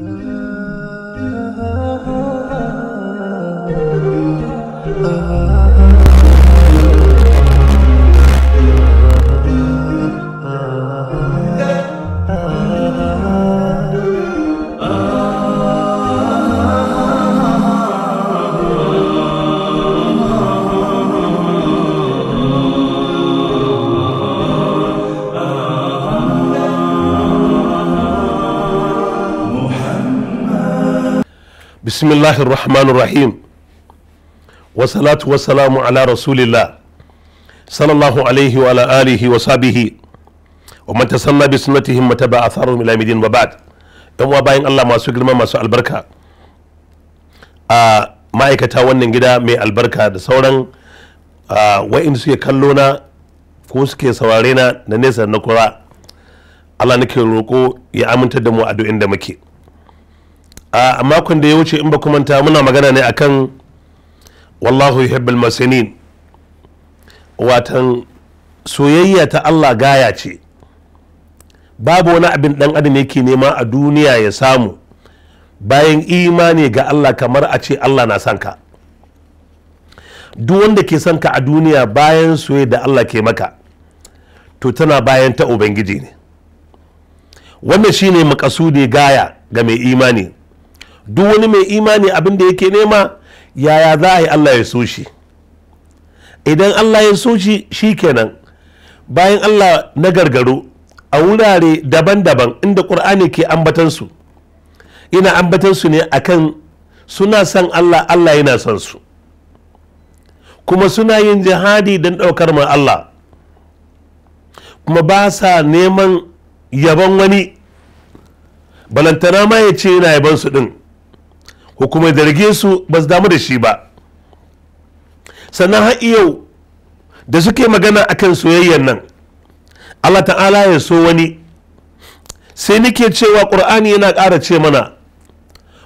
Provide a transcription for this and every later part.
Uh-huh. bismillahir rahmanir rahim wa salatu wa salamu ala rasulillah sallallahu alaihi wa ala alihi wa sahbihi wa man tasanna bi sunnatihim wa ba atharahum ila midin wa ba'd yan wa bayan Allah masu girma masu albarka a ma'aikata wannan gida mai albarka da sauran wa'in suke kallo na ko suke saurare na na nesa na kura Allah nake roko ya aminta da mu a addu'in da muke a makon da ya wuce in ba ku manta muna magana ne akan wallahu yuhibbul masinin watan soyayya ta Allah gaya ce babu wani abin dan adam yake nema a duniya ya samu bayan imani ga Allah kamar a ce Allah na son ka duk wanda ke son ka a duniya bayan soyayya da Allah ke maka to tana bayan ta ubangiji ne wannan shine makasudi gaya ga mai imani duk wani mai imani abin da yake nema yaya za a yi Allah ya so shi idan Allah ya so shi shi kenan bayan Allah na gargaro a wurare daban-daban inda ƙur'ani ke ambatansu ina ambatansu ne a kan suna son Allah Allah yana son su kuma suna yin jihadi don ɗaukar ma Allah kuma ba sa neman yabon wani balantana ma ya ce yana yabon su ɗin Hukumai da rage su ba su damu da shi ba sannan har yau da suke magana a kan soyayyar nan Allah ta'ala ya so wani sai nike cewa ƙur'ani yana ƙara ce mana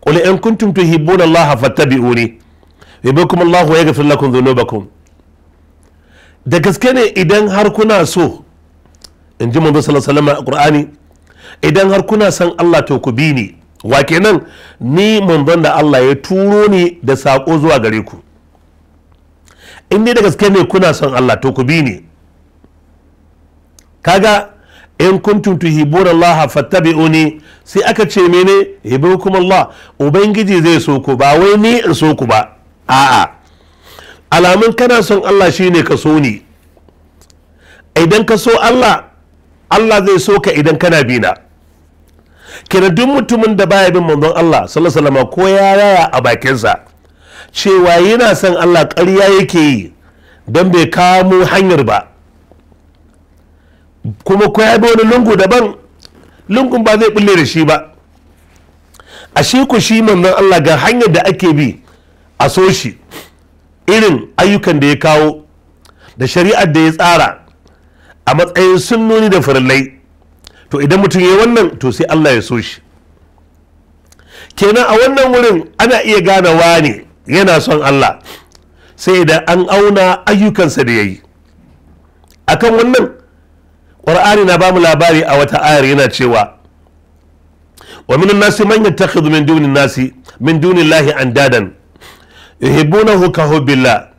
qul in kuntum tuhibbuna Allah fattabi'uni yubikum Allah wa yaghfir lakum dhunubakum da gaske ne idan har kuna so in ji manzo sallallahu alaihi a ƙur'ani idan har kuna son Allah to ku bi ni wa kenan ni manzon da Allah ya turo ni da saƙo zuwa gare ku in ni da gaske ne kuna son Allah to ku bi ni kaga in kuntum tuhibuna Allah fattabi'uni sai aka ce mene yabukum Allah ubangiji zai so ku ba wai ni in so ku ba a'a alamun kana son Allah shine ka so ni idan ka so Allah Allah zai so ka idan kana bina kenan duk mutumin da baya bin manzon Allah sallallahu alaihi wasallam ko ya raya a bakinsa cewa yana son Allah ƙarya yake yi don bai kamo hanyar ba kuma ko ya bi wani lungu daban lungun ba zai bulle da shi ba a shi ku shi manzon Allah ga hanyar da ake bi a so shi irin ayyukan da ya kawo da shari'ar da ya tsara a matsayin sunnoni da farillai to idan mutum ya wannan to sai Allah ya so shi kenan a wannan wurin ana iya gane wani yana son Allah sai idan an auna ayyukansa da ya yi akan wannan ƙwar'ani na ba mu labari a wata ayar yana cewa wa min nasi man yattakhidhu min duni nasi min duni llahi andadan yuhibbunahu ka hubbillah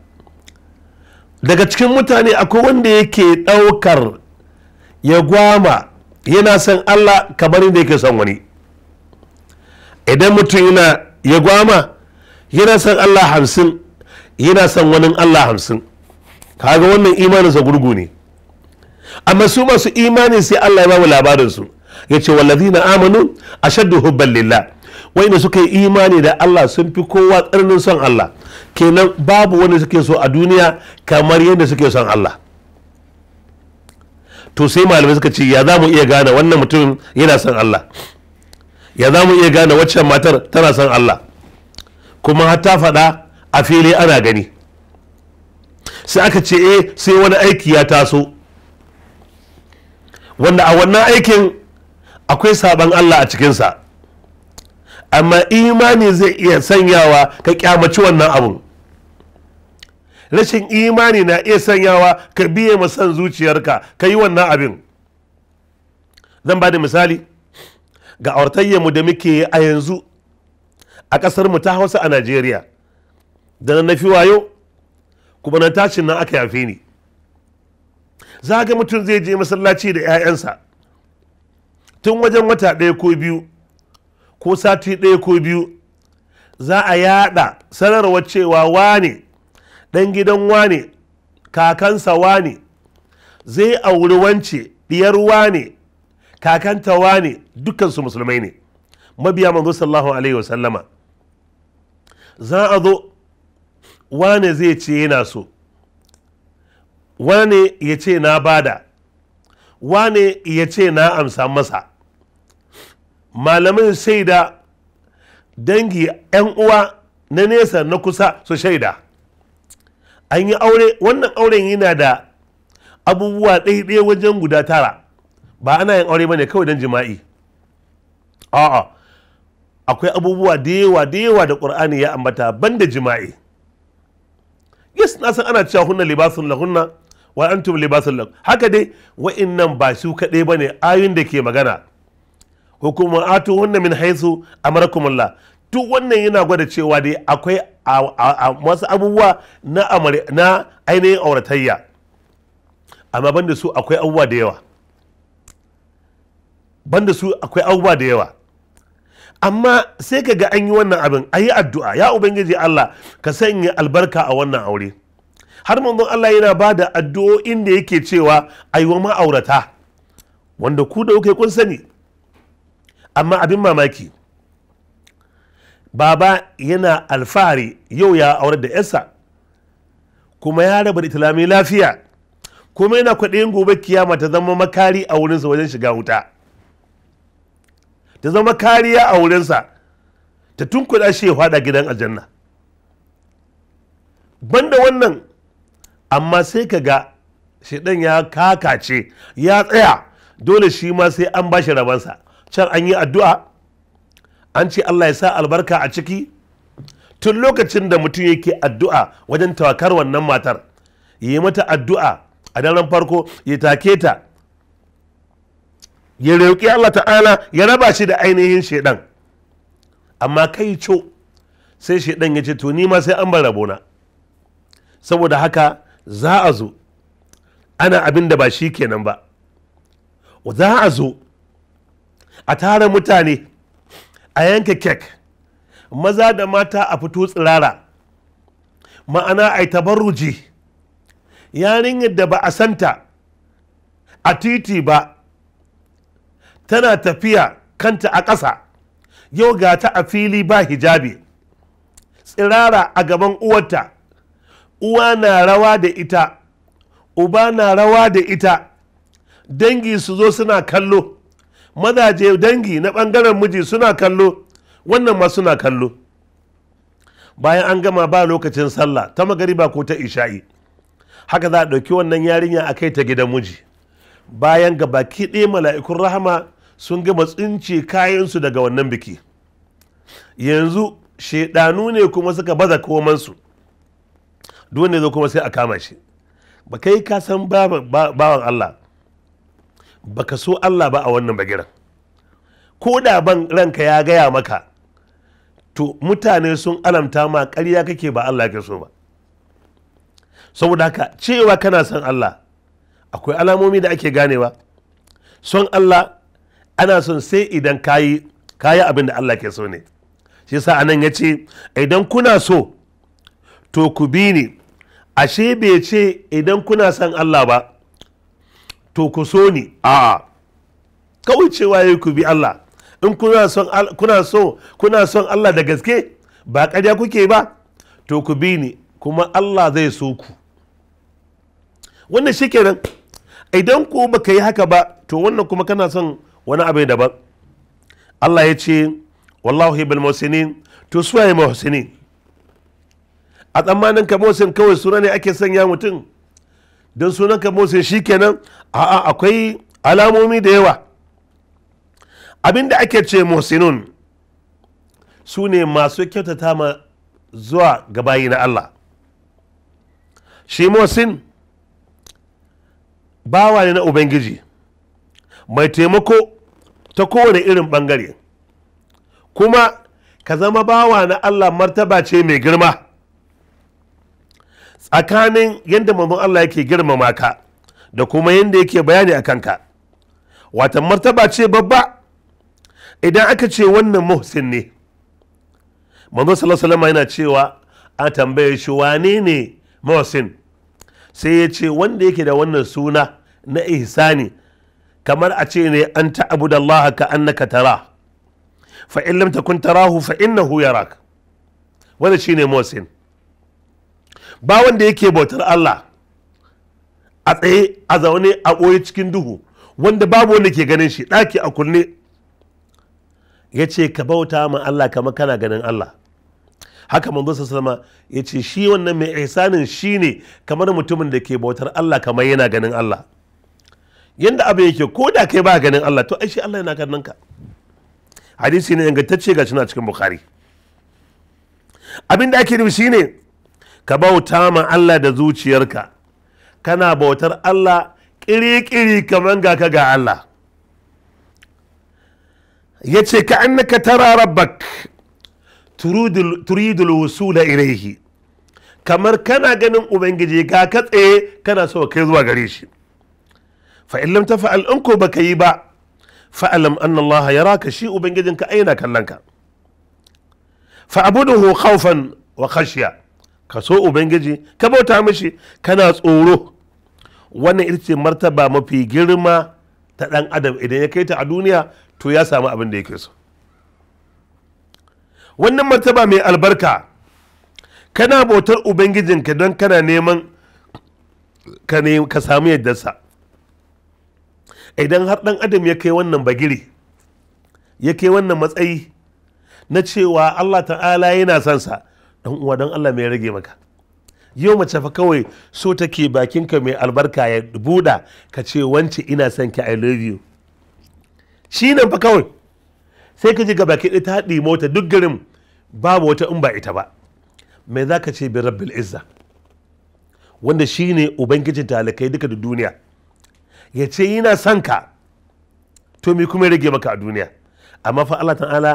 daga cikin mutane akwai wanda yake ɗaukar ya gwama yana son Allah kamar yadda yake son wani idan mutum yana ya gwama yana son Allah hamsin yana son wani Allah hamsin kaga wannan imaninsa gurgu ne amma su masu imani sai Allah ya bamu labarinsu ya ce wallazina amanu ashaddu hubban lillah wanda suka yi imani da Allah sun fi kowa tsarnin son Allah kenan babu wanda suke so a duniya kamar yadda suke son Allah to sai malamai suka ce ya za mu iya gane wannan mutum yana son Allah ya za mu iya gane waccan matar tana son Allah kuma har ta faɗa a fili ana gani sai aka ce eh sai wani aiki ya taso wanda a wannan aikin akwai saban Allah a cikinsa amma imani zai iya sanyawa ka kyamaci wannan abun rashin imani na iya sanyawa ka biye ma son zuciyarka ka yi wannan abin zan ba da misali ga mu da muke a yanzu a ƙasar mu ta hausa a najeriya da na fi wayo kuma na tashin nan aka yafe ni za ga mutum zai je masallaci da 'ya'yansa tun wajen wata ɗaya ko biyu ko sati ɗaya ko biyu za a yada sanarwar cewa wane ɗan gidan wane kakansa wane zai auri wance diyar wane kakanta wane dukansu musulmai ne mabiya manzo sallahu alaihi wasallama za a zo wane zai ce yana so wane ya ce na bada wane ya ce na amsa masa malamin shaida dangi 'yan uwa na nesa na kusa su shaida an yi aure wannan auren yana da abubuwa ɗaya wajen guda tara ba ana yin aure bane kawai don jima'i a'a akwai abubuwa da yawa da yawa da ƙur'ani ya ambata banda jima'i yes na san ana cewa hunna libasun lahunna wa antum libasun lakum haka dai wa'innan ba su kaɗai bane ayoyin da ke magana hukumatu hunna min haisu amarakumullah duk wannan yana gwada cewa dai akwai a wasu abubuwa na ainihin auratayya amma banda su akwai abubuwa da yawa banda su akwai abubuwa da yawa amma sai ka ga an yi wannan abin a yi addu'a ya ubangiji Allah ka sanya albarka a wannan aure har manzon Allah yana ba da addu'o'in da yake cewa a yi wa ma'aurata wanda ku da kun sani amma abin mamaki baba yana alfahari yau ya aurar da yarsa kuma ya raba da Lami lafiya kuma yana kwaɗayin gobe kiyama ta zama makari a wurinsa wajen shiga wuta ta zama kariya a wurinsa ta kuɗa shi ya faɗa gidan aljanna banda wannan amma sai ka ga shaidan ya kakace ya tsaya dole shi ma sai an bashi rabansa can an yi addu'a an ce Allah ya sa albarka a ciki tun lokacin da mutum yake addu'a wajen tawakar wannan matar ya yi mata addu'a a daren farko ya take ta ya rauki Allah ta'ala ya raba shi da ainihin shaidan amma kai co sai shaidan ya ce to ni ma sai an bar rabona saboda haka za a zo ana abin da ba shi kenan ba za a zo a tara mutane a yanke kek maza da mata a fito tsirara ma'ana a tabarruji yarinyar da ba a santa a titi ba tana tafiya kanta a ƙasa yau ga ta a fili ba hijabi tsirara a gaban uwarta uwa na rawa da ita uba na rawa da ita dangi su zo suna kallo mazaje dangi na ɓangaren miji suna kallo wannan ma suna kallo bayan an gama ba lokacin sallah ta magariba ko ta isha'i haka za a ɗauki wannan yarinya a kai ta gidan miji bayan ga baki ɗaya mala'ikun rahama sun gama tsince kayansu daga wannan biki yanzu shaidanu ne kuma suka baza komansu duk ne zo kuma sai a kama shi ba kai ka san bawan Allah baka so Allah ba a wannan bagiran ko da ban ranka ya gaya maka to mutane sun alamta ma ƙarya kake ba Allah ke so ba saboda haka cewa kana son Allah akwai alamomi da ake ganewa son Allah ana son sai idan kayi kayi abin da Allah ke so ne shi yasa anan ya ce idan kuna so to ku bi ni ashe bai ce idan kuna son Allah ba to ku so ni a kawai cewa ya ku bi Allah in kuna son so kuna son Allah da gaske ba ƙarya kuke ba to ku bi ni kuma Allah zai so ku wannan shikenan idan ko baka yi haka ba to wannan kuma kana son wani abu daban Allah ya ce wallahu bil muhsinin to suwaye muhsinin a tsammanin ka kawai suna ne ake sanya mutum don sunan ka motsa shi kenan a'a akwai alamomi da yawa abinda ake ce mosinun su ne masu kyautata ma zuwa bayi na Allah shi bawa ne na ubangiji mai taimako ta kowane irin bangare kuma ka zama bawa na Allah martaba ce mai girma tsakanin yadda mamman Allah yake girmama ka da kuma yadda yake bayani a kanka wata martaba ce babba idan aka ce wannan muhsin ne manzo sallallahu yana cewa a tambaye shi wane ne muhsin sai ya ce wanda yake da wannan suna na ihsani kamar a ce ne an ta'budallaha ka annaka tara fa in lam takun tarahu fa innahu yarak wanda shine muhsin ba wanda yake bautar Allah a tsaye a zaune a ɓoye cikin duhu wanda babu wanda ke ganin shi ɗaki a kunne ya ce ka bauta ma Allah kama kana ganin Allah haka manzo sallama ya ce shi wannan mai ihsanin shi ne kamar mutumin da ke bautar Allah kamar yana ganin Allah Yadda abu yake ko da kai ba ganin Allah to ai shi Allah yana ganin ka hadisi ne ingantacce ga na cikin bukhari abin da ake nufi ne. ka bauta ma Allah da zuciyarka kana bautar Allah ƙiri-ƙiri kamar ga ka ga Allah ya ce ka annaka tara rabbak turidul wusula ilaihi kamar kana ganin ubangiji ka katse kana so kai zuwa gare shi fa in lam tafa'al in ko baka yi ba fa'alam anna Allah yaraka shi ubangijinka aina kallanka ka fa abuduhu khawfan wa khashya ka so ubangiji ka bauta mishi kana tsoro wannan ita ce martaba mafi girma ta ɗan adam idan ya kai ta a duniya to ya samu abin da yake so wannan martaba mai albarka kana bautar ubangijinka don kana neman ka samu yaddarsa idan har ɗan adam ya kai wannan bagiri ya kai wannan matsayi na cewa allah ta'ala yana son sa dan uwa dan Allah mai rage maka yau mace fa kawai so take bakinka mai albarka ya buda ka ce wance ina son ki i love you shi nan fa kawai sai ka ji ga baki ta haɗi mota duk garin babu wata in ba ita ba mai za ka ce bi rabbil izza wanda shi ne ubangijin talakai duka da duniya ya ce yana son ka to me kuma rage maka a duniya amma fa Allah ta'ala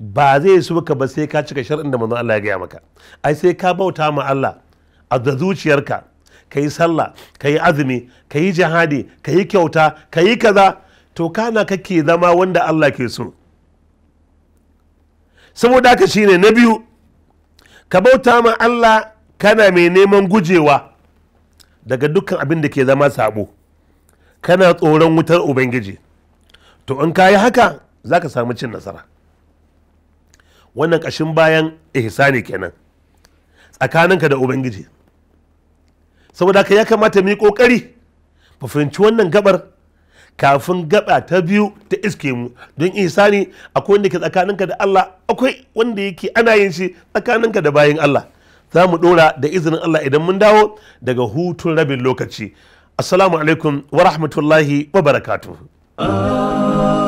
ba zai so ka ba sai ka cika shar'in da manzon Allah ya gaya maka ai sai ka bauta ma Allah a da zuciyarka ka yi sallah ka yi azumi ka yi jihadi ka yi kyauta ka yi kaza to kana kake zama wanda Allah ke so saboda ka shine na biyu ka bauta ma Allah kana mai neman gujewa daga dukkan abin da ke zama sabo kana tsoron wutar ubangiji to in ka yi haka za ka samu cin nasara wannan ƙashin bayan ihsani kenan tsakaninka da ubangiji saboda ka ya kamata mu yi ƙoƙari mu fahimci wannan gabar kafin gaba ta biyu ta iske mu don ihsani akwai wanda ke tsakaninka da Allah akwai wanda yake ana yin shi tsakaninka da bayan Allah za mu dora da izinin Allah idan mun dawo daga hutun rabin lokaci assalamu alaikum wa rahmatullahi wa barakatuhu